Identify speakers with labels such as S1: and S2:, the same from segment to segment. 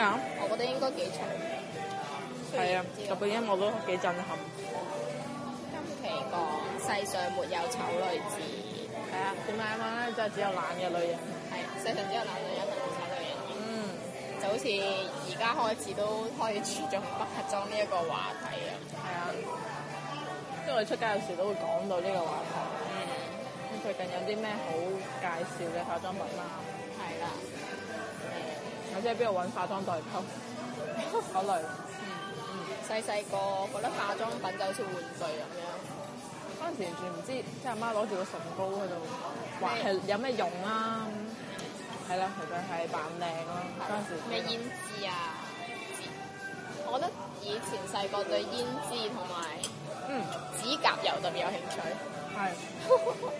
S1: 嗯、我覺得應該幾重。係啊對，日
S2: 本音樂都幾震撼。
S1: 今期講：世上沒有醜女子。係啊，點解啊？真係只有懶嘅女人。係，世上只有懶女人同醜女人。嗯，就好似而家開始都開始持續北極妝呢一個話題啊。
S3: 係啊，
S2: 因為我哋出街有時都會講到呢個話題。嗯。咁最近有啲咩好介紹嘅化妝品啊？係啦。即係邊度揾化妝代購？好 累。嗯嗯，
S1: 細細個覺得化妝品就好似玩具
S2: 咁樣。嗰陣時完全唔知，即係阿媽攞住個唇膏喺度話係有咩用啊？係啦， 其實係扮靚咯。嗰陣的時。咩胭
S1: 脂啊？我覺得以前細個對胭脂同埋嗯指甲油
S2: 特別有興趣。係、嗯。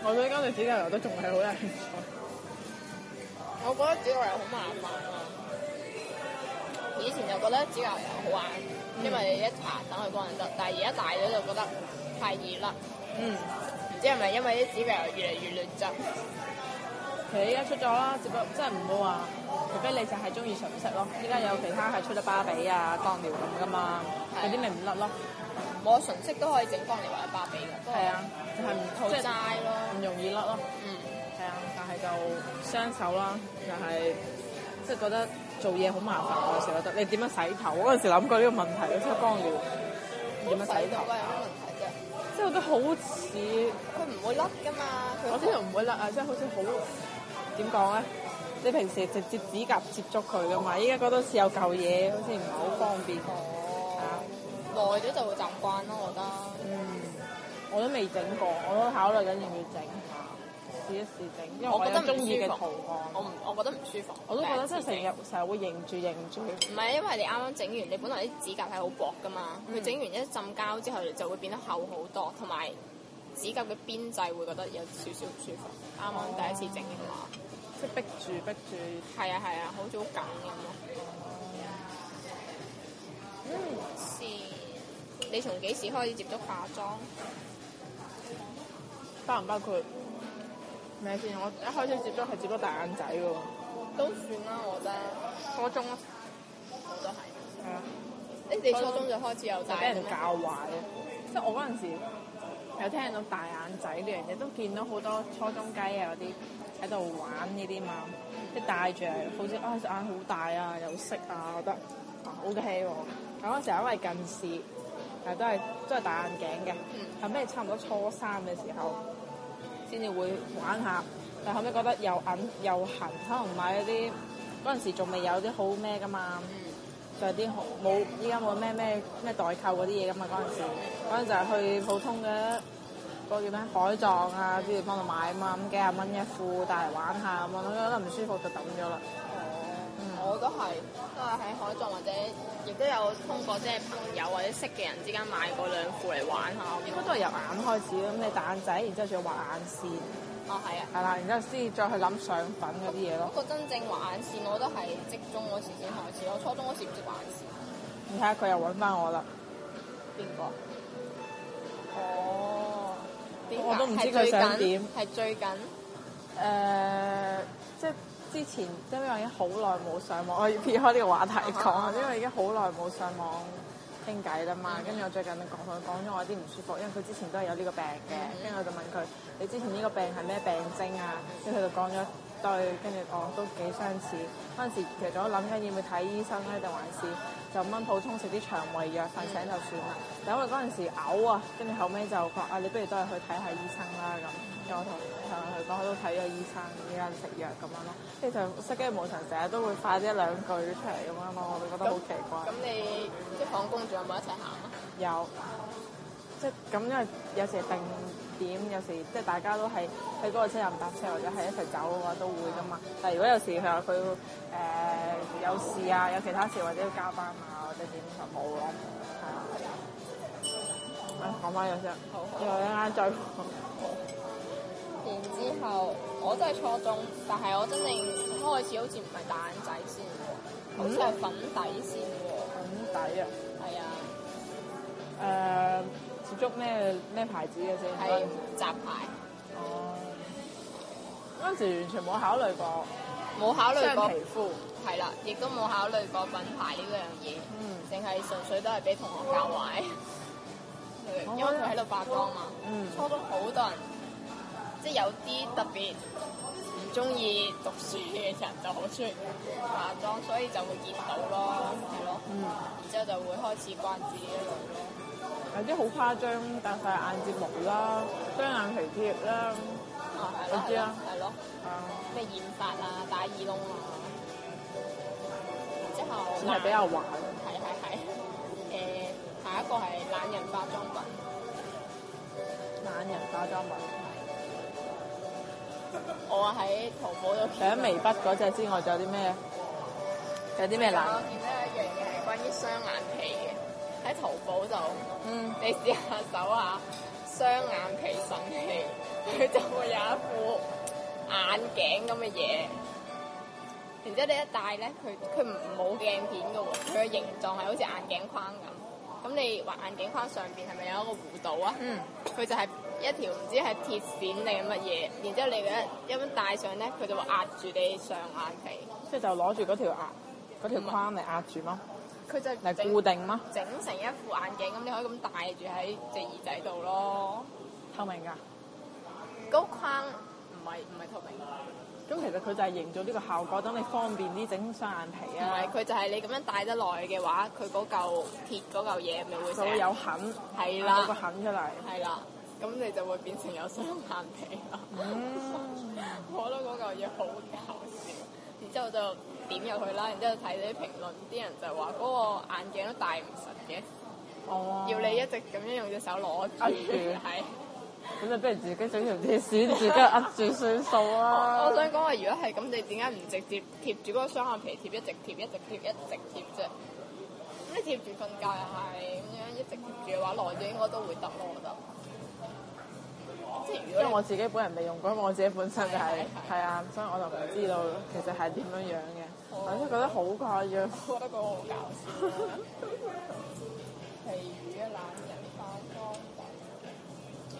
S2: 我對嗰對指甲油都仲係好有興趣。 我覺得指甲油好麻煩
S1: 啊！以前就覺得指甲油好玩，因為一搽等佢乾得。但係而家大咗就覺得太熱啦。嗯，
S3: 唔
S1: 知係咪因為啲指甲油越嚟越劣質？佢而家出咗啦，只不
S3: 過
S2: 真係唔好話、啊，除非你就係中意純色咯。而家有其他係出咗芭比啊、當尿咁噶嘛，有啲咪唔甩咯。嗯、我純色都可以整當尿或者芭比噶。係啊，就係唔好即係齋咯，唔、嗯就是、容易甩咯。嗯但係就雙手啦，又係即係覺得做嘢好麻煩、啊、我有時覺得你點樣洗頭？我嗰陣時諗過呢個問題咯，即係幫我點樣洗頭啊？有乜問題啫？嗯、即係覺得好似佢唔會甩噶嘛，我知道唔會甩啊，即係好似好點講咧？你平時直接指甲接觸佢噶嘛？依家覺得似有嚿嘢，好似唔係好方便哦，耐咗就會習慣咯，我覺得。嗯，嗯嗯我都未整過，我都考慮緊要唔要整。試一試整，因為我中意嘅圖案。我唔，我
S1: 覺得唔舒服。我都覺得真係成日
S2: 成日會認住認住。唔
S1: 係，因為你啱啱整完，你本來啲指甲係好薄噶嘛，佢整、嗯、完一浸膠之後，就會變得厚好多，同埋指甲嘅邊際會覺得有少少唔舒服。啱啱第一次整嘅話，
S2: 即係逼住逼
S1: 住。係啊係啊，好似好緊咁咯。嗯，是。你從幾時開始接觸化妝？
S2: 包唔包括？咩先？我一開始接觸係接觸大眼仔喎，
S1: 都算啦，我覺得
S2: 初中咯，我
S1: 都係。係啊，你哋初，初中就開始有戴？
S2: 俾人教壞啊！即係、嗯、我嗰陣時有聽到大眼仔呢樣嘢，都見到好多初中雞啊嗰啲喺度玩呢啲嘛，即係戴住好似啊隻眼好大啊，有色啊，我覺得、啊、OK 喎、啊。我嗰陣時候因為近視，係、啊、都係都係戴眼鏡嘅。後尾、嗯、差唔多初三嘅時候。先至會玩下，但後尾覺得又韌又痕，可能買嗰啲嗰陣時仲未有啲好咩㗎嘛，就係、好有啲冇依家冇咩咩咩代購嗰啲嘢㗎嘛，嗰陣時嗰陣、嗯、就係去普通嘅嗰、嗰個叫咩海葬啊啲地方度買啊嘛，咁幾廿蚊一副帶嚟玩下咁啊，覺得唔舒服就抌咗啦。
S1: 我都係，都係喺海葬，或者亦都有通過
S2: 即係朋友或者識
S1: 嘅人之間買過兩
S2: 副嚟玩下。應該都係由眼開始，咁、嗯、你打眼仔，然之後仲要畫眼線。哦，係啊。係、啊、啦，然之後先再去諗上粉嗰啲嘢咯。不過、啊、
S1: 真正畫眼線，我都係職中嗰時先開始。我初中嗰時唔識畫眼線。
S2: 你睇下佢又搵翻我啦。邊
S1: 個？哦。邊個？我都唔知佢想點。係最近。
S2: 誒，uh, 即係。之前因為我已經好耐冇上網，我要撇開呢個話題講，因為已經好耐冇上網傾偈啦嘛。跟住、嗯、我最近同佢講咗我啲唔舒服，因為佢之前都係有呢個病嘅。跟住、嗯、我就問佢：你之前呢個病係咩病徵啊？跟住佢就講咗一堆，跟住講都幾相似。嗰陣時其實我諗緊要唔要睇醫生咧，定還是？就蚊普通食啲腸胃藥瞓醒就算啦，因為嗰陣時嘔啊，跟住後屘就話啊，你不如都係去睇下醫生啦，咁，就同係佢講喺度睇咗醫生，依家食藥咁樣咯，跟住就失驚無神成日都會發一兩句出嚟咁樣咯，我就覺得好奇怪。咁
S1: 你即係放工仲有冇
S2: 一齊行啊？有， 即係咁因為有時定。嗯點有時，即係大家都係喺嗰個車站搭車，或者係一齊走嘅話都會㗎嘛。但係如果有時佢話佢誒有事啊，有其他事或者要加班啊，或者點就冇咯。係啊，講翻又想，又好一間追。好好
S1: 好然之後我都係初中，但係我真正開始好似唔係大眼仔先喎，嗯、好似係粉底先喎，粉
S2: 底啊。捉咩咩牌子嘅先？係雜牌。哦。嗰陣時完全冇考慮過，過，冇考慮過皮膚，
S1: 係啦，亦都冇考慮過品牌呢樣嘢。嗯。淨係純粹都係俾同學教壞。 oh
S3: yeah, 因為佢喺度化妝嘛，oh
S1: yeah. 嗯。初中好多人，即係有啲特別唔中意讀書嘅人就好中意化妝，所以就會見到咯，係咯。嗯。嗯嗯，然之後就會開始關注呢類咯。
S2: 有啲好誇張，戴曬眼睫毛啦，雙眼皮貼啦，
S1: 我知啦，係咯，咩染髮啊，打耳窿啊，之後算係比較玩，係係係，誒，下一個係懶人化妝品，
S2: 懶人化妝
S3: 品，
S1: 我喺淘寶度除咗眉筆嗰隻
S2: 之外，仲有啲咩？有啲咩懶？我見
S1: 到一樣嘢係關於雙眼皮。喺淘寶就，嗯、你試下搜下雙眼皮神器，佢就會有一副眼鏡咁嘅嘢。然之後你一戴咧，佢佢唔冇鏡片噶喎，佢嘅形狀係好似眼鏡框咁。咁你話眼鏡框上邊係咪有一個弧度啊？嗯。佢就係一條唔知係鐵線定係乜嘢。然之後你一一般戴上咧，佢就會壓住你上眼皮。
S2: 即係就攞住嗰條眼嗰條框嚟壓住嗎？嗯佢就係固定嗎？整
S1: 成一副眼鏡咁，你可以咁戴住喺隻耳仔度咯。
S2: 透明㗎？
S1: 高框唔係唔係透明。
S2: 咁其實佢就係營造呢個效果，等你方便啲整雙眼皮啊。唔係，佢就係你咁樣戴得耐嘅話，佢嗰嚿鐵
S1: 嗰嚿嘢咪會成。就會有痕。
S2: 係啦了。有個痕出嚟。係啦。咁你就會變成有雙
S1: 眼皮啦。嗯、 我覺得嗰嚿嘢好搞笑。然之後就。點入去啦，然之後睇你啲評論，啲人就話嗰個眼鏡都戴唔實嘅
S2: ，oh. 要你一直咁樣用隻手攞住睇。咁你不如自己整條鐵線，自己扼住算數啦。
S1: 我 想講話，如果係咁，你點解唔直接貼住嗰個雙眼皮貼，一直貼，一直貼，一直貼啫？咁你貼住瞓覺又係咁樣，一直貼住嘅話，耐咗應該都會得咯，我覺得。因為我自己
S2: 本人未用過，因為我自己本身就係係啊，所以我就唔知道其實係點樣樣嘅，我都、哦、覺得好怪樣。我覺得嗰個好搞笑。譬如呢，懶人化妝品。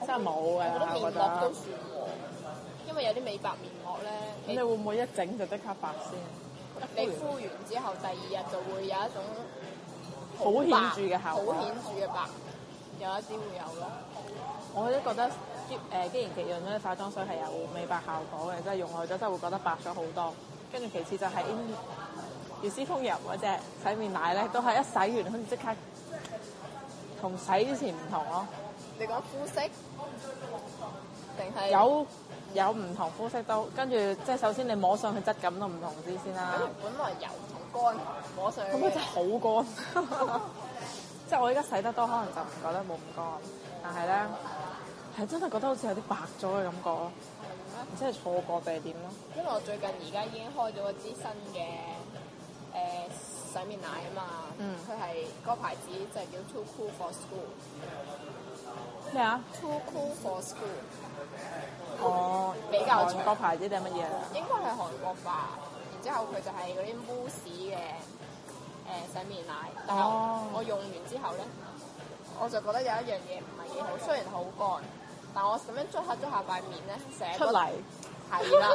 S2: 真係冇嘅，我覺得都算，因為有
S3: 啲
S1: 美白面膜咧。
S2: 咁你，你會唔會一整就即刻白先？你敷完之後，第
S1: 二日就會有一種好顯著嘅效果。好顯著嘅白。
S2: 有一啲會有咯，我都覺得誒，肌研極潤嗰啲化妝水係有美白效果嘅，即係用耐咗真係會覺得白咗好多。跟住其次就係悅詩風吟嗰隻洗面奶咧，都係一洗完好似即
S1: 刻同洗
S2: 之前唔同咯、啊。你
S1: 講膚色
S2: 定係是有有唔同膚色都跟住，即係首先你摸上去質感都唔同啲先啦、啊。本來油
S1: 同乾摸上去，去咁佢真係
S2: 好乾。 即係我而家洗得多，可能就唔覺得冇咁乾，但係咧係真係覺得好似有啲白咗嘅感覺咯，唔嗎知係錯過定係點咯？因為我最近而家已經開
S1: 咗支新嘅誒、呃、洗面
S2: 奶啊嘛，佢係嗰個牌子就係叫
S1: Too Cool For School，咩
S2: 啊麼？Too Cool For School。哦，比較韓國牌子定係乜嘢啊？應該係韓國
S1: 吧？然之後佢就係嗰啲污屎嘅。誒，洗面奶，但係我用完之後咧，我就覺得有一樣嘢唔係幾好。雖然好乾，但我咁樣捽下捽下塊面咧，成日出嚟係啦。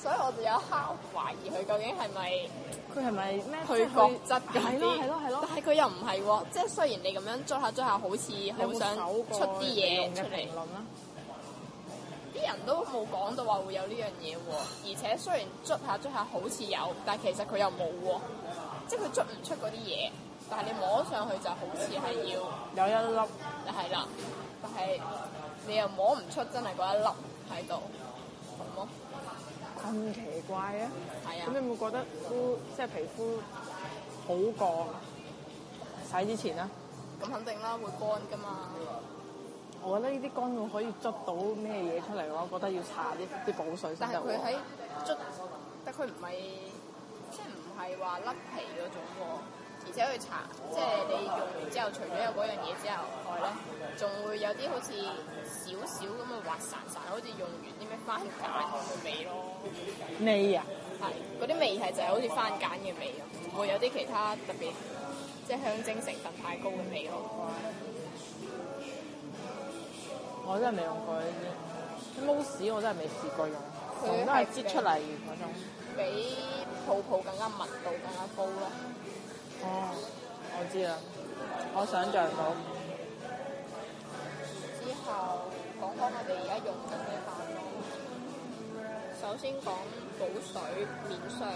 S1: 所以我就有一刻懷疑佢究竟係咪
S2: 佢係咪咩？去角質嘅係咯係咯係咯，
S1: 但係佢又唔係喎。即係雖然你咁樣捽下捽下，好似好想出啲嘢出嚟。啲人都冇講到話會有呢樣嘢喎，而且雖然捽下捽下好似有，但係其實佢又冇喎。即係佢捽唔出嗰啲嘢，但係你摸上去就好似係要有一粒，係啦，但係你又摸唔出真係嗰一粒喺度，係麼，
S4: 咁奇
S2: 怪啊？係啊！咁你有冇覺得膚，即係皮膚好乾，洗之前咧？咁肯定啦，會乾㗎嘛，我乾。我覺得呢啲乾會可以捽到咩嘢出嚟，我話，覺得要搽啲啲補水。但係佢喺
S1: 捽，但佢唔係。係話甩皮嗰種喎，而且佢搽，哇即係你用完之後，除咗有嗰樣嘢之後，外咧、啊，仲會有啲好似少少咁嘅滑潺潺，好似用完啲咩番梘嘅味咯。味啊！係嗰啲味係就係好似番梘嘅味咯，唔會有啲其他特別，即係香精成分太高嘅
S2: 味咯。啊、我真係未用過呢啲，慕斯我真係未試過用，是都係擠出嚟嗰種。
S1: 俾泡泡更加密度更
S2: 加高咯。哦，我知啦，我想像到、嗯。之後講講我哋而家用
S1: 緊嘅產品，首先講補水面霜。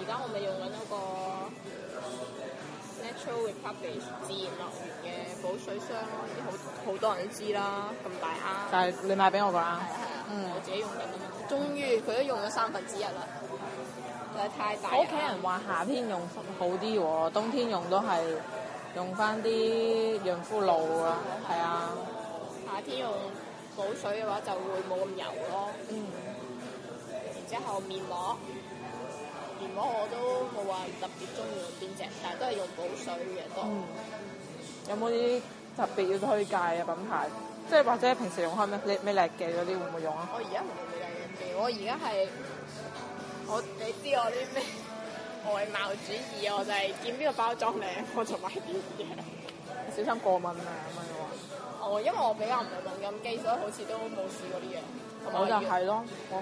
S1: 而家我咪用緊嗰、那個 Natural Republic 自然樂園嘅補水霜咯，啲好好多人都知啦，咁大啊！但
S2: 係你買俾我㗎啊！係啊！係啊！嗯，
S1: 我自己用緊。終於佢都用咗三分之一啦。太大，我屋企人話
S2: 夏天用好啲喎、哦，冬天用都係用翻啲潤膚露咯。係啊，
S1: 夏天用補水嘅話就會冇咁油咯。嗯。然之後面膜，面膜我都冇話特
S2: 別中意邊隻，但係都係用補水嘅多、嗯。有冇啲特別要推介嘅品牌？即係或者平時用開咩咩力記嗰啲會唔會用啊？
S1: 我而家唔用咩力記，我而家係。我你知我啲咩外貌主義，我就係見邊個包裝
S2: 名，我就買啲嘢。 小心過敏啊！咁樣嘅話。哦，
S1: 因為我比較唔係敏感肌，所以好似都冇試過呢樣。嗯、我，我就係咯，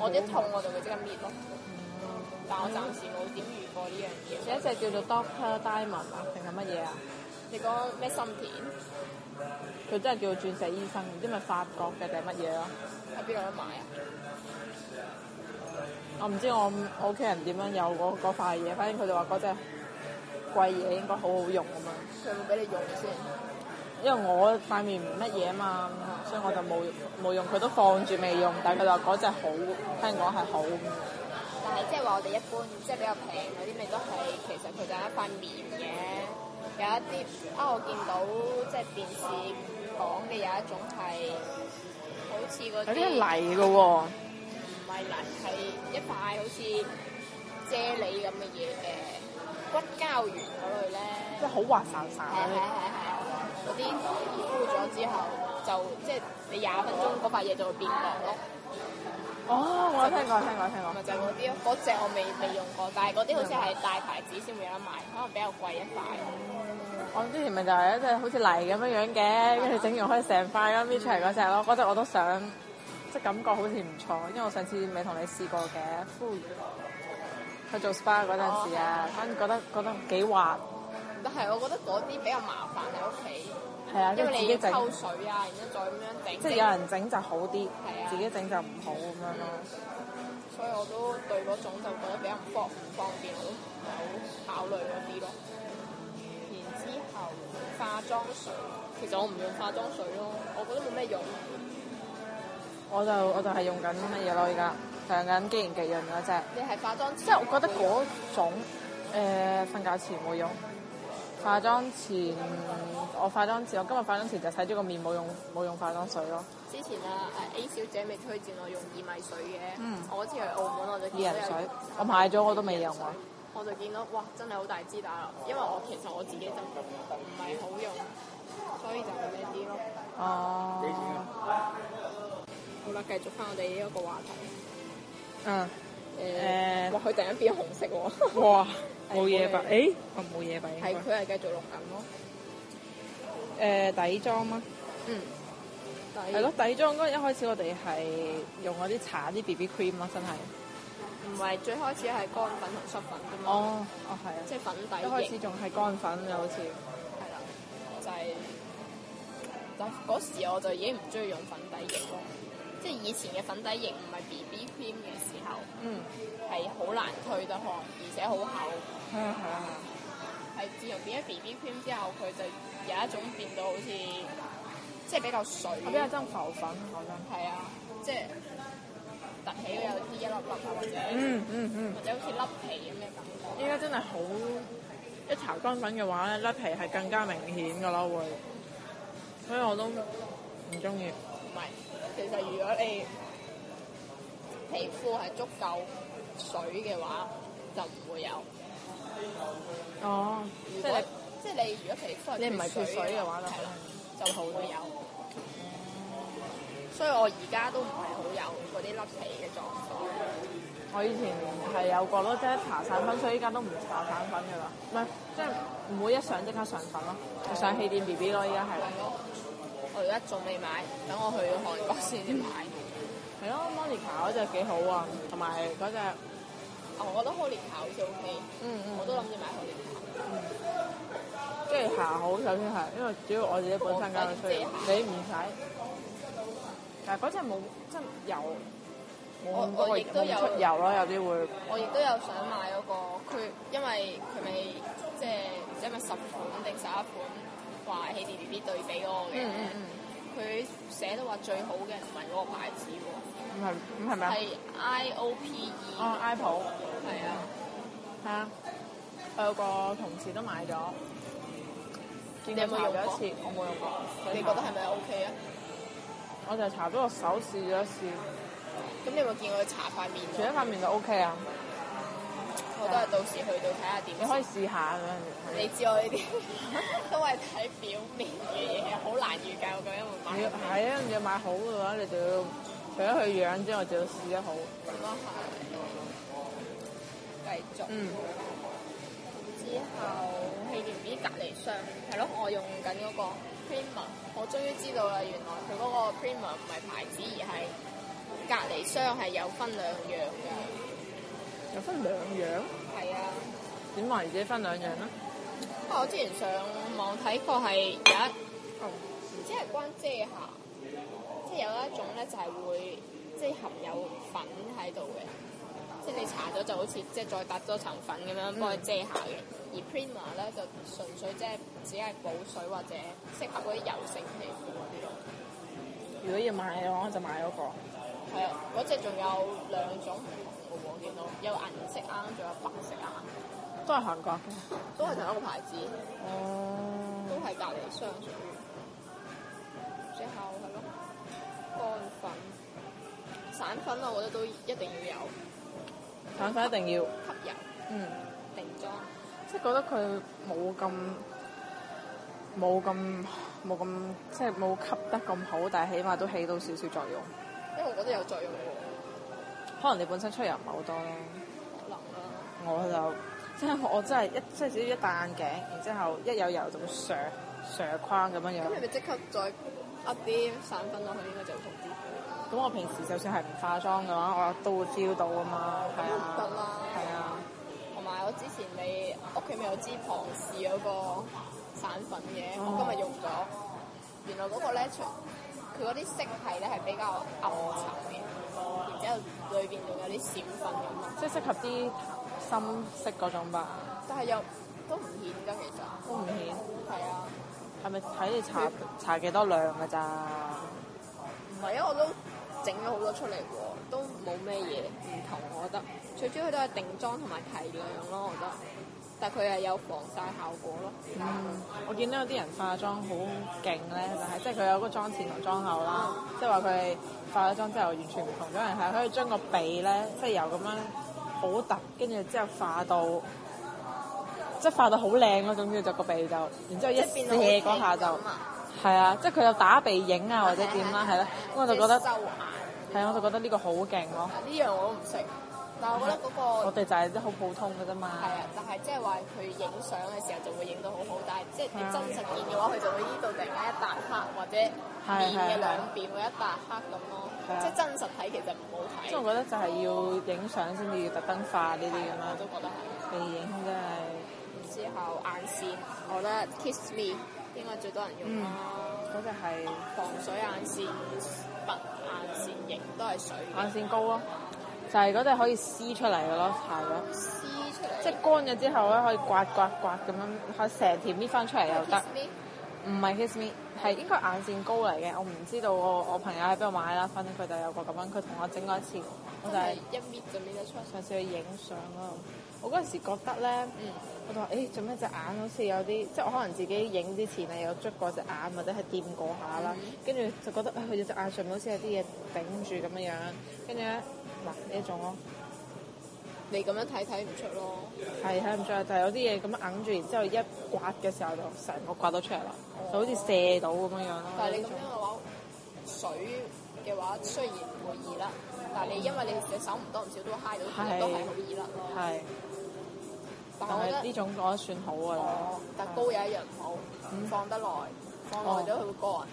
S2: 我啲痛我就會即刻搣咯。嗯、但我暫
S1: 時冇點遇過呢樣
S2: 嘢。一隻、嗯、叫做 Doctor Diamond 啊，定係乜嘢啊？你
S1: 講咩心田？
S2: 佢真係叫做鑽石醫生，唔知係法國嘅定乜嘢咯？喺
S1: 邊度得買啊？我唔
S2: 知我屋企人點樣有嗰塊嘢，反正佢就話嗰隻貴嘢應該好好用咁樣。
S1: 佢會俾你用先？
S2: 因為我塊面唔乜嘢啊嘛，所以我就冇冇用，佢都放住未用。但佢就話嗰隻好，聽講係好。但係即係話我哋一般即係、就
S1: 是、比較平嗰啲，咪都係其實佢就係一塊面嘅，有一啲啊、哦、我見到即係電視講嘅有一種係好似嗰啲。有啲泥噶喎、哦。係泥，係一塊好似啫喱咁嘅嘢嘅骨膠原嗰類咧，
S2: 即係好滑散
S1: 散。係係係，嗰啲敷咗之後就即係你廿分鐘嗰塊嘢就會變
S2: 硬咯。哦，我聽過，聽過，聽過。咪就係
S1: 嗰啲咯，嗰隻我未未用過，嗯、但係嗰啲好似係大牌子先會有得賣，可能比較貴一塊、
S2: 嗯。我之前咪就係一隻好似泥咁樣嘅，跟住整容可以成塊咁搣出嚟嗰隻咯，嗰隻、嗯嗯、我都想。感覺好似唔錯，因為我上次未同你試過嘅呼，嗯、去做 SPA 嗰陣時啊，反正、哦、覺得覺得幾滑。
S1: 但係我覺得嗰啲比較麻煩喺屋企，係啊因為你自己整，抽水啊，然之後再咁樣
S2: 整。即係有人整就好啲，嗯、自己整就唔好咁樣咯。
S1: 所以我都對嗰種就覺得比較方唔方便，好考慮嗰啲咯。然之後化妝水，其實我唔用化妝水咯，我覺得冇咩用。
S2: 我就我就係用緊乜嘢咯，而家用緊肌研極潤嗰隻。你係
S1: 化妝前，即係我覺得嗰
S2: 種呃、瞓覺前冇用。化妝前我化妝前，我今日化妝前就洗咗個面冇用冇用化妝水咯。
S1: 之前啊 A 小姐咪推薦我用薏米水嘅，嗯、我之前去澳門我就見到。薏米水，我買咗我都未用啊。我就見到哇，真係好大支打，因為我其實我自己就
S2: 唔係好用，所以就呢啲咯。嗯、哦。好啦，繼續翻
S1: 我哋呢一個話題。嗯。誒，哇，佢突然變紅色喎！
S2: 哇，冇嘢吧？誒，我冇嘢吧。係佢係繼續錄緊咯。誒，底妝嗎？嗯。係咯，底妝嗰陣一開始我哋係用嗰啲搽啲 B B cream 咯，真係。
S1: 唔係，最開始係乾粉同濕粉噶嘛哦，哦係啊。即係粉底液。一開始仲
S2: 係乾粉，又好似。係啦，就係。但嗰時我就已
S1: 經唔中意用粉底液咯。即係以前嘅粉底液唔係 B B cream 嘅時候，嗯，係好難推得開，而且好厚。係啊係啊係。係自從變咗 B B cream 之後，佢就有一種變到好似即係比較水，比較憎
S2: 浮粉。係啊想，即係凸起
S1: 都有啲一粒粒啊，或者嗯嗯嗯。嗯嗯嗯或者好似甩皮咁嘅感覺。依家真係
S2: 好一搽乾粉嘅話咧，甩皮係更加明顯嘅咯，會。所以我都唔中意。
S1: 其實如果你皮膚係足夠水嘅話，就唔會有。哦，即係即係你如果皮膚你唔係缺水嘅話，就好會有。所以我而家都唔係好有嗰啲甩皮嘅狀況。
S2: 我以前係有過咯，即係搽散粉，所以依家都唔搽散粉噶啦。唔係，即係唔會一上即刻上粉咯，上氣墊 B B 咯，依家係。
S1: 我而家仲未買，
S2: 等我去韓國先至買。係咯、嗯、，Monica 嗰隻幾好啊，同埋嗰隻，
S1: 我覺得 Monica 好似 OK 嗯嗯。我都諗
S2: 住買 Monica。嗯。嗯即係行好，首先係，因為主要我自己本身咁樣需要。你唔使。啊、但係嗰隻冇，真係油。我我亦都有。有有出油咯，有啲
S3: 會。我亦
S1: 都有想買嗰、那個，佢、嗯、因為佢咪即係，唔知係咪十款定十一款？話 h e b b 對比我嘅，佢寫、嗯嗯嗯、都話最好嘅唔係嗰個牌子喎，唔係唔係咪？Oh, 啊？係
S2: IOPE 哦，IPO 係啊，係啊，我有個同事都買咗，你有冇用咗一次？我冇用過，有有看看你覺得係咪 OK? OK? OK 啊？我就係搽咗個手試咗一試，
S1: 咁你有冇見過佢搽塊面？除咗塊
S2: 面就 OK 啊？
S1: 我都係到時去到
S2: 睇下點，你可以試下嘅。你知我呢啲
S1: 都係睇表面嘅嘢，好 難預計咁樣
S2: 會買。要係啊，你要買好嘅話，你就要除咗佢樣之外，就要試得好。
S1: 咁啊係，繼續。嗯。之後氣墊 B 隔離霜，係咯，我用緊嗰個 Primer，我終於知道啦，原來佢嗰個 Primer 唔係牌子，而係隔離霜係有分兩樣嘅。嗯。
S2: 有分兩樣？
S1: 係
S2: 啊。點話自己分兩樣咯。
S1: 不過、啊、我之前上網睇過係有一，哦，唔知係關遮瑕，即係有一種咧就係、係、會即係含有粉喺度嘅，即係你搽咗就好似即係再搭多層粉咁樣幫佢遮瑕嘅。嗯、而 Primer 咧就純粹即係只係補水或者適合嗰啲油性皮膚嗰啲
S2: 咯。如果要買嘅話，我就買嗰、嗰個。
S1: 係啊，嗰隻仲有兩種。
S2: 有顏色啊，仲有白色啊，都係韓國嘅，都係同一個牌
S1: 子，都係隔離霜屬於。最後係咯，乾粉、散粉，我覺得都一定要有。
S2: 散粉一定要吸油，吸油嗯，定妝裝。即係覺得佢冇咁冇咁冇咁，即係冇吸得咁好，但係起碼都起到少少作用。
S1: 因為我覺得有作用喎。
S2: 可能你本身出油唔係好多咯，可能咯、啊。我就即係我真係一即係少少一戴眼鏡，然之後一有油就會上上框咁樣樣。咁你咪
S1: 即刻再壓啲散粉落去，應該就會好
S2: 啲。咁我平時就算係唔化妝嘅話，嗯、我都會照到啊嘛。咁唔得啦。係啊。同
S1: 埋、嗯啊、我之前你屋企咪有支旁氏嗰個散粉嘅，我今日用咗，哦、原來嗰個咧，佢嗰啲色系咧係比較暗沉嘅。哦哦。裏邊
S2: 仲有啲閃粉咁咯，即係適合啲深色嗰種吧？
S1: 但係又都唔顯㗎，其實。都唔
S2: 顯。係、嗯、啊。係咪睇你搽搽幾多量㗎咋？
S1: 唔係啊，我都整咗好多出嚟喎，都冇咩嘢唔同，同我，我覺得。最主要佢都係定妝同埋提亮咯，我覺得。但係佢係有防曬效果
S2: 咯。嗯，我見到有啲人化妝好勁咧，就係即係佢有個妝前同妝後啦，即係話佢化咗妝之後完全唔同咗。人係可以將個鼻咧，即係由咁樣好凸，跟住之後化到即係化到好靚咯。總之就個鼻就，然之後一遮嗰下就係啊，即係佢有打鼻影啊，或者點啦，係咯。咁我就覺得，
S1: 係啊，我
S2: 就覺得呢個好勁咯。
S1: 呢樣我都唔識。但我覺得嗰、嗰個，我哋
S2: 就係啲好普通嘅啫嘛。係啊，但
S1: 係即係話佢影相嘅時候就會影到好好，但係即係你真實見嘅話，佢、啊、就會依度突然間一笪黑或者面嘅兩邊會一笪黑咁咯。啊、即係真實睇其實唔好睇。即係、啊、我覺得就
S2: 係要影相先至要特登化呢啲咁啊。我都覺得係。鼻影真
S1: 係。之後眼線，嗯、我覺得 Kiss Me 應該最多人用啦。嗰隻係防水眼線
S2: 筆、眼線液都係水。眼線膏啊。就係嗰隻可以撕出嚟嘅咯，係咯。撕出嚟。即係乾咗之後咧，可以刮刮刮咁樣，可以成條搣翻出嚟又得。唔係 Kiss Me，係應該眼線膏嚟嘅，我唔知道我我朋友喺邊度買啦。反正佢就有個咁樣，佢同我整過一次。我就係一搣
S1: 就搣得出。上
S2: 次去影相啊，我嗰陣時覺得咧，嗯、我就話誒做咩隻眼好似有啲，即係我可能自己影之前啊有捽過隻眼或者係掂過下啦，跟住、嗯、就覺得誒佢、欸、隻眼上好似有啲嘢頂住咁嘅樣，跟住咧。呢一種咯，
S1: 你咁樣睇睇唔出咯，
S2: 係睇唔出啊！就係有啲嘢咁樣揞住，然之後一刮嘅時候就成個刮到出嚟啦，就好似射到咁樣樣咯。但係你咁
S1: 樣嘅話，水嘅話雖然唔會易甩，但係你因為你你手唔多唔少都揩到，都
S2: 係好易甩咯。係，但係呢種我覺得算好嘅啦。但高
S1: 嘢一樣唔好，唔放
S2: 得耐，放耐咗佢會乾。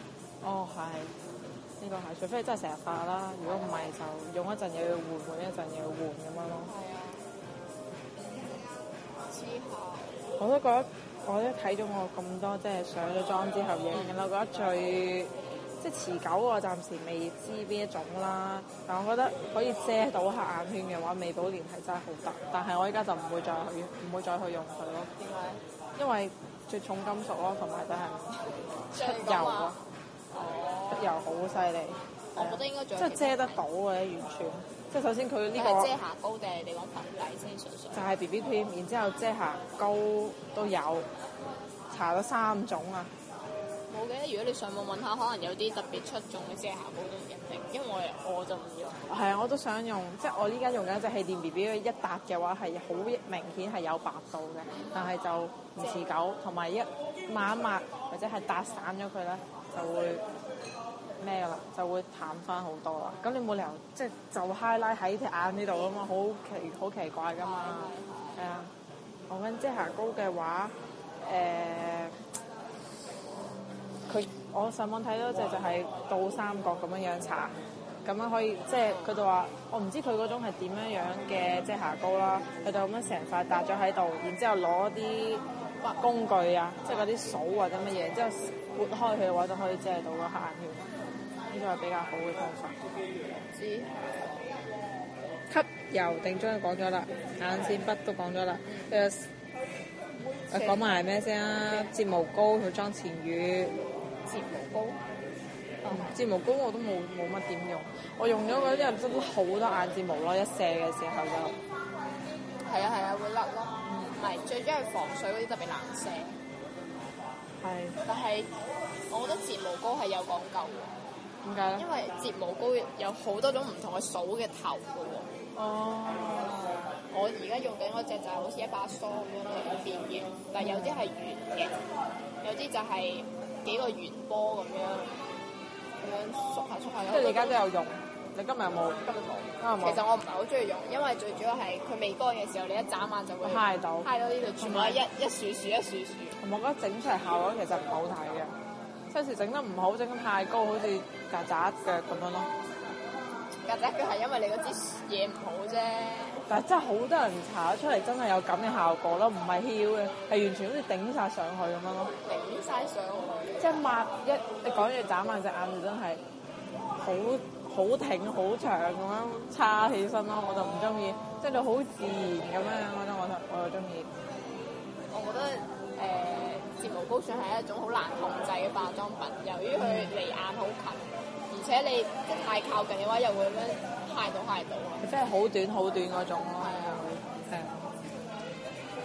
S2: 哦，係。呢個係，除非真係成日化啦。如果唔係，就用一陣又要換，換一陣又要換咁樣咯。係啊，
S3: 我都覺得，
S2: 我都睇咗我咁多，即係上咗妝之後影嘅，我覺得最即係持久，我暫時未知邊一種啦。但我覺得可以遮到黑眼圈嘅話，美寶蓮係真係好得。但係我依家就唔會再去，唔會再去用佢咯。點解？因為最重金屬咯，同埋都係出油啊。又好犀利，
S1: 我覺得應該仲即係遮
S2: 得到嘅，完全。即係首先佢呢、呢個遮瑕膏定係你
S1: 講粉底先上上？
S2: 就係 B B 片，嗯、然之後遮瑕膏都有，搽咗三種啊。冇
S1: 嘅，如果你上網問下，可能有啲特別出眾嘅遮瑕膏都唔一定。因為我，我就唔
S2: 用。係啊，我都想用，即係我依家用緊隻氣墊 B B 嘅一笪嘅話，係好明顯係有白度嘅，但係就唔持久，同埋、嗯、且一抹一抹或者係搭散咗佢啦。就
S3: 會
S2: 咩啦，就會淡翻好多啦。咁你冇理由即係就 highlight 喺隻眼呢度啊嘛，好奇好奇怪噶嘛，係啊。講緊遮瑕膏嘅話，誒、呃，佢我上網睇到一隻就係倒三角咁樣樣擦，咁樣可以即係佢就話、是、我唔知佢嗰種係點樣樣嘅遮瑕膏啦。佢就咁樣成塊搭咗喺度，然之後攞啲工具啊，即係嗰啲掃或者乜嘢之後。撥開佢嘅話就可以遮到個黑眼圈，呢個係比較好嘅方法。知。吸油定妝嘅講咗啦，的眼線筆都講咗啦。誒的，講埋咩先啊？睫毛膏佢妝前乳。
S3: 睫
S2: 毛膏。毛膏嗯，睫毛膏我都冇冇乜點用，我用咗嗰啲人執好多眼睫毛咯，一卸嘅時候就係啊係啊會甩咯，唔係、嗯、最主
S1: 要係防水嗰啲特別難卸。係，是但係我覺得睫毛膏係有講究嘅。點解咧？因為睫毛膏有好多種唔同嘅掃嘅頭㗎喎。哦。我而家用緊嗰隻就係好似一把梳咁樣扁嘅，嗱有啲係圓嘅，有啲就係幾個圓波咁樣，咁樣梳下梳下。即係你而家都有用？
S2: 都你今日有冇？今日冇。今日冇。其實
S1: 我唔係好中意用，因為最主要係佢
S2: 未乾嘅時候，你一眨眼就會揩到。揩到呢度，全部一一束束一束束。我覺得整出嚟效果其實唔好睇嘅，即係整得唔好，整得太高，好似曱甴腳咁樣咯。曱甴腳係因為你嗰
S1: 支嘢唔好啫。
S2: 但係真係好多人搽咗出嚟，真係有咁嘅效果咯，唔係翹嘅，係完全好似頂曬上去咁樣咯。頂曬上去，即係抹一，你講嘢眨埋隻眼，真係好好挺好長咁樣叉起身咯，我就唔中意。即係你好自然咁樣，我覺得我就我就中意。我覺得。誒、嗯，睫
S1: 毛膏算係一種好難控制嘅化妝品，由於佢離眼好近，而且你太靠近嘅話又會咁樣揩到揩到，很短很
S2: 短啊！佢真係好短好短嗰種咯。係啊，係啊。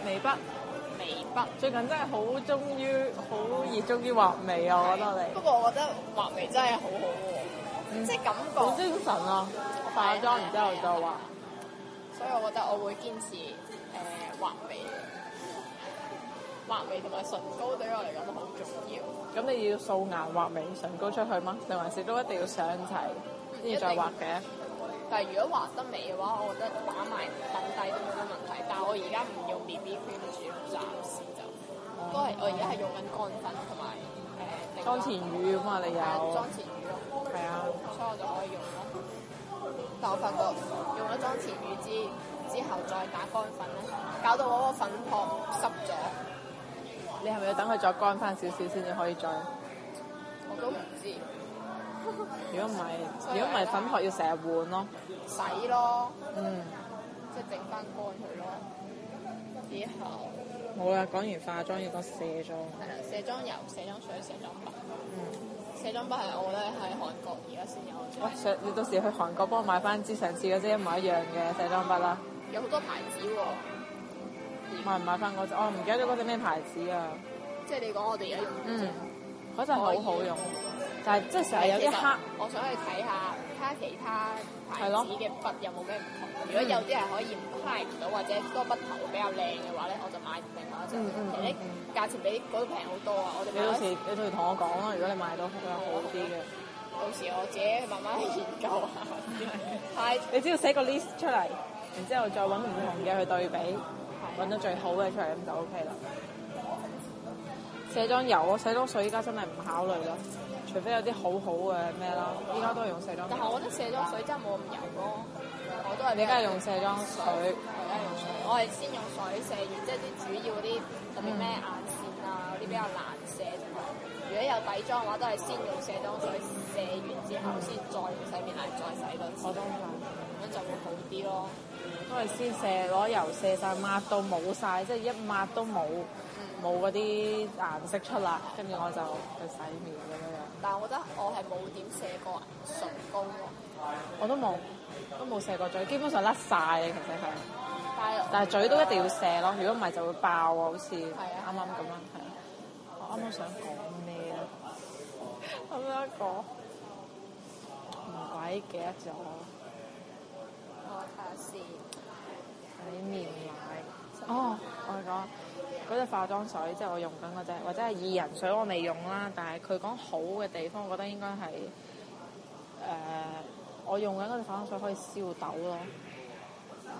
S2: 眉筆，眉筆。最近真係好中意，好熱衷於畫眉啊！我覺得你。不過我
S3: 覺得畫眉真係好好、啊、喎，
S1: 即係、嗯、感覺。好精神咯、
S2: 啊！嗯、化妝然之後就畫，
S1: 所以我覺得我會堅持誒畫、呃、眉。畫眉同埋唇膏對於
S2: 我嚟講都好重要。咁你要掃顏、畫眉、唇膏出去嗎？定還是都一定要上齊先再畫嘅？
S1: 但係如果畫得眉嘅話，我覺得打埋粉底都冇乜問題。但係我而家唔用 B B cream，主要暫時就都係我而家係用緊乾粉同埋誒。妝、哦呃、前乳啊嘛，你有？妝前乳咯，係啊的，所以我就可以用咯。但係我發覺用咗妝前乳之之後再打乾粉咧，搞到嗰個粉撲濕咗。
S2: 你係咪要等佢再乾翻少少先至可以再？我都唔知。如果
S1: 唔係，如果唔係粉殼要成日換咯，洗咯，嗯，即係整翻乾佢咯，
S2: 以後。冇啊！講完化妝
S1: 要講卸妝。係啊、嗯，卸妝油、卸
S2: 妝水、卸妝筆。嗯，卸妝筆係我咧喺韓國而家先
S1: 有。喂哇，上
S2: 卸你到時去韓國幫我買翻支上次嗰支一模一樣嘅卸妝筆啦。
S1: 有好多牌子喎、哦。
S2: 買唔買翻嗰隻我唔記得咗嗰隻咩牌子啊。即係你講我哋而家用。嗯，嗰隻好好用，但係即係成日有一刻我想
S1: 去睇下，睇下其他牌子嘅筆有冇咩唔同。如果有啲係可以揩唔到，或者嗰筆頭比較靚嘅話咧，
S2: 我就買另外一支。嗯嗯。而且價錢比嗰度平好多啊！我哋。你到時你到時同我講啦，如果你買到比較好啲嘅。
S1: 到時我自己去
S2: 慢慢去研究。係。你只要寫個 list 出嚟，然之後再揾唔同嘅去對比，揾到最好嘅出嚟咁就 O K 啦。卸妝油，我卸妝水依家真係唔考慮咯，除非有啲好好嘅咩啦。依家都係用卸妝油。但係我覺得卸
S1: 妝水真係冇咁油咯。嗯、我都係你今日用卸妝水，我係先用水卸完，即係啲主要啲特別咩眼線啊嗰啲、嗯、比較難卸。如果有底妝嘅話，都係先用卸妝水卸完之後，先、嗯、再用洗面奶再洗多次。我都咁樣就會好啲咯。
S2: 因為先卸妝油卸晒抹到冇晒，即係一抹都冇冇嗰啲顏色出啦。跟住我就去洗面咁樣樣。但係我覺得我係冇
S1: 點卸過唇膏，
S2: 我都冇，都冇卸過嘴，基本上甩晒嘅其實係。但係嘴都一定要卸咯，如果唔係就會爆啊，好似啱啱咁樣，係我啱啱想講咩咧？咁樣講唔鬼記得咗。我
S1: 睇下先。
S2: 洗面奶哦，我係講嗰隻化妝水，即係我用緊嗰隻，或者係薏仁水，我未用啦。但係佢講好嘅地方，我覺得應該係誒、呃，我用緊嗰隻化妝水可以消痘咯。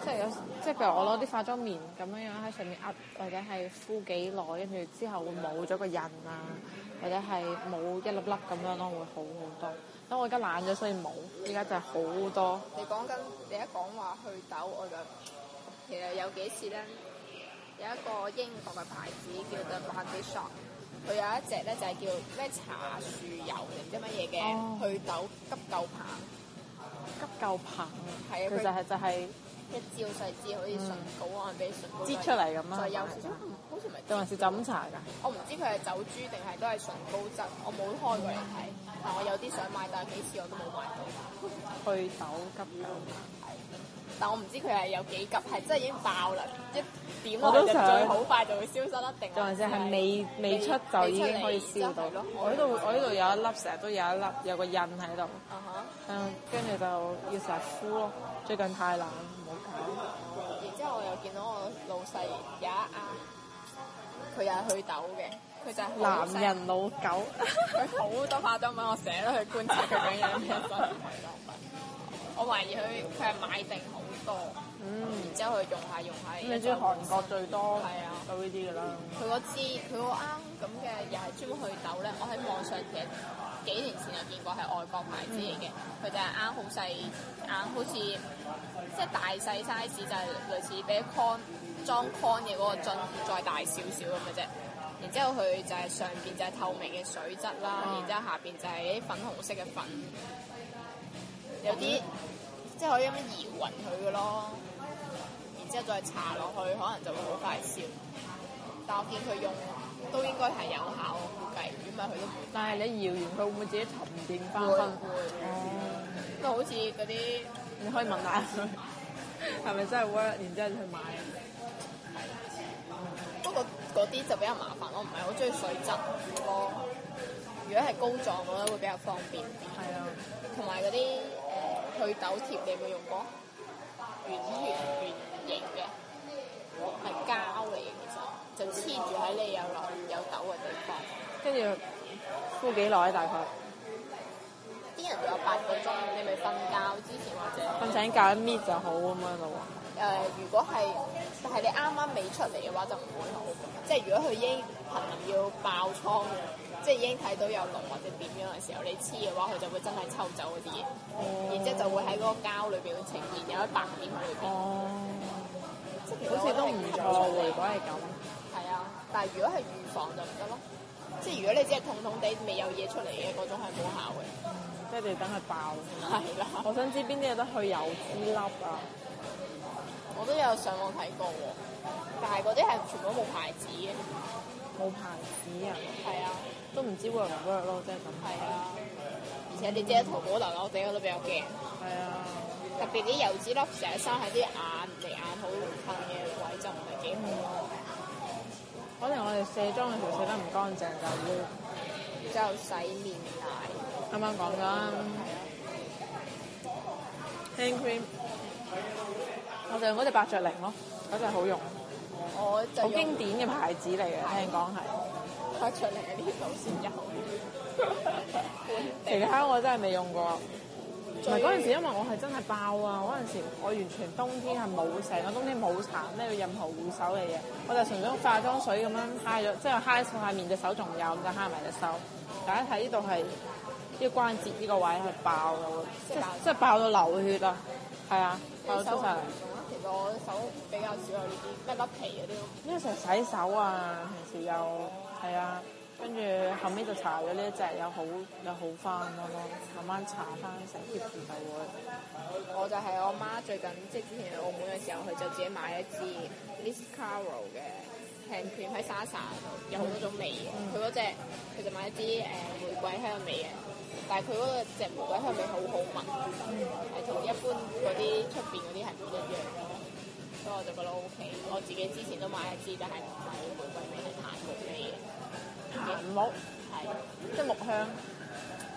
S2: 即係有即係，譬如我攞啲化妝棉咁樣樣喺上面壓，或者係敷幾耐，跟住之後會冇咗個印啊，或者係冇一粒粒咁樣咯，會好好多。因為我而家懶咗，所以冇。依家就係好多。你
S1: 講緊你一講話去痘，我覺其實有幾次咧，有一個英國嘅牌子叫做 Body Shop 佢有一隻咧就係、是、叫咩茶樹油定唔知乜嘢嘅去痘急救棒，
S2: 急救棒，佢、嗯、就係、是、就係、是。
S1: 一招細招，好似唇膏啊，俾唇膏擠出嚟咁啊，就有
S2: 少少，好似唔係，定還是
S1: 枕茶㗎？我唔知佢係走珠定係都係唇膏質，我冇開過嚟睇，但我有啲想買，但係幾次我都冇買
S2: 到。去痘急用係，
S1: 但我唔知佢係有幾急，係真係已經爆啦，一點，我都想最好快就會消失一定。定還是係未
S2: 未出就已經可以消到咯？我呢度我呢度有一粒，成日都有一粒，有個印喺度。跟住就要成日敷咯。最近太冷，冇搞。然之
S1: 後我又見到我老細有一啱，佢又係去抖嘅，佢就係
S4: 男
S2: 人老狗。
S1: 佢好多化妝品，我成日都去觀察佢點樣用咗啲乜化妝品。我懷疑佢佢係買定好多，嗯，然之後佢用下用下。咁你知韓
S2: 國最多啊，做呢啲㗎啦。
S1: 佢嗰支佢個啱咁嘅又專門去痘咧，我喺網上其實幾年前就見過係外國牌子嚟嘅，佢、嗯、就係啱、嗯、好細，啱好似即係大細 size 就係、是、類似比 con 裝 con 嘅嗰個樽再大少少咁嘅啫。然之後佢就係、是、上邊就係透明嘅水質啦，嗯、然之後下邊就係啲粉紅色嘅粉。有啲即係可以咁樣搖勻佢嘅咯，然之後再搽落去，可能就會好快消。但我見佢用都應該係有效，我估計如果唔係佢都。
S2: 但係你搖完佢會唔會自己沉澱翻分杯？會哦。即係、嗯、好似嗰啲你可以問，問下佢係咪真係 work，然之後你去
S1: 買。不，嗯、不過嗰啲就比較麻煩咯，唔係我中意水質多。如果係膏狀，我覺得會比較方便啲。係啊的，同埋嗰啲。去痘貼你有冇用過？
S3: 圓圓
S1: 圓形嘅，係膠嚟嘅，其實就黐住喺你有瘤有痘嘅地
S2: 方。跟住敷幾耐？大概？
S1: 啲人有八個鐘，你咪瞓覺之前或者瞓醒覺
S2: 一搣就好咁樣咯喎。
S1: 誒、呃，如果係，但係你啱啱未出嚟嘅話就唔會好，即係如果佢已經瀕臨要爆瘡，即係已經睇到有膿或者點樣嘅時候，你黐嘅話佢就會真係抽走嗰啲嘢，然之後就會喺嗰個膠裏邊呈現有一白點喺裏邊。
S2: 哦，即係好似都唔錯。如果係咁，
S1: 係啊，但係如果係預防就唔得咯，即係如果你只係痛痛地未有嘢出嚟嘅嗰種係冇效嘅，即係你等佢爆。係啦，我想知邊啲有得去油脂粒啊？有上網睇過喎，但係嗰啲係全部都冇牌子嘅，冇牌子啊，係啊，都唔知會會 work 唔 work 咯，即係咁，係啊，而且你知喺淘寶痘痘仔我，我都比較驚，係啊，特別啲油脂粒成日生喺啲眼眉眼好近嘅位，就唔係幾
S2: 好咯。可能、嗯、我哋卸妝嗰時卸得唔乾淨就要，之、嗯、後洗面奶，啱啱講緊，hand cream。我就用嗰隻百雀羚咯，嗰隻好用，
S1: 我好經典
S2: 嘅牌子嚟嘅，聽講係。百雀
S1: 羚嘅呢度先一毫，其
S2: 他我真係未用過。唔係嗰陣時，因為我係真係爆啊！嗰陣時我完全冬天係冇成個冬天冇搽咩任何護手嘅嘢，我就純粹化妝水咁樣揩咗，即係揩曬下面隻手仲有，咁就揩埋隻手。大家睇呢度係呢個關節呢個位係爆嘅吧，即係即係爆到流血啊！係吧啊，爆到手上。嚟。
S1: 我手比較少
S2: 有呢啲咩甩皮嘅啲咯，因為成日洗手啊，平時又係啊，跟住後尾就搽咗呢一隻，又好又好翻咯，慢慢搽翻成日用就會。
S1: 我就係我媽最近即係之
S2: 前去澳門嘅時候，佢就自己買咗一
S1: 支 Miss Carrol 嘅噴泉喺莎莎度，有好多種味嘅。佢嗰隻就買啲誒玫瑰香味嘅，但係佢嗰個只玫瑰香味好好聞，係同、嗯、一般嗰啲出邊嗰啲係唔一樣。所以我就覺得 OK，我自己
S2: 之前都買一支，但
S1: 係唔係玫瑰味，係檀木味嘅。唔好，係、啊、是即木香，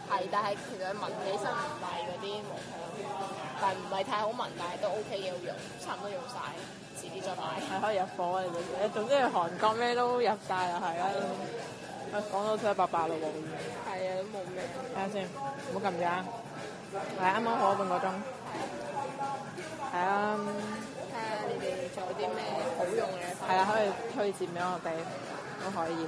S1: 係，但係其實聞起身唔係嗰啲木香，但唔係太好聞，但係都 OK 嘅，好用，差唔多用晒，遲啲
S2: 再買。係、啊、可以入貨嘅、啊，總之韓國咩都入晒，就係啊，講、啊、到差一百八嘞喎，係
S1: 啊，都冇咩。睇下先，
S2: 唔好咁樣，係啱啱好咗半個鐘，係啊。
S1: 有啲咩好用嘅？係
S2: 啊，可以推薦俾我哋都可以。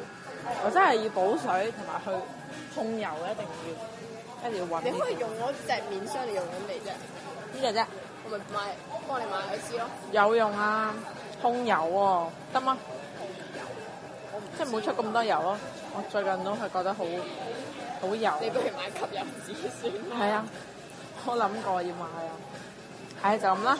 S2: 我真係要補水同埋去控油，一定要跟住揾。你可以用
S1: 我隻面霜嚟用緊嚟啫，呢隻啫。我咪買幫你買咗支咯。
S2: 有用啊，控油喎，得嗎？控油，我唔即係唔好出咁多油咯。我最近都係覺得好好油。你
S1: 不如買吸
S2: 油紙先。係啊，我諗過要買啊。係啊，就咁啦。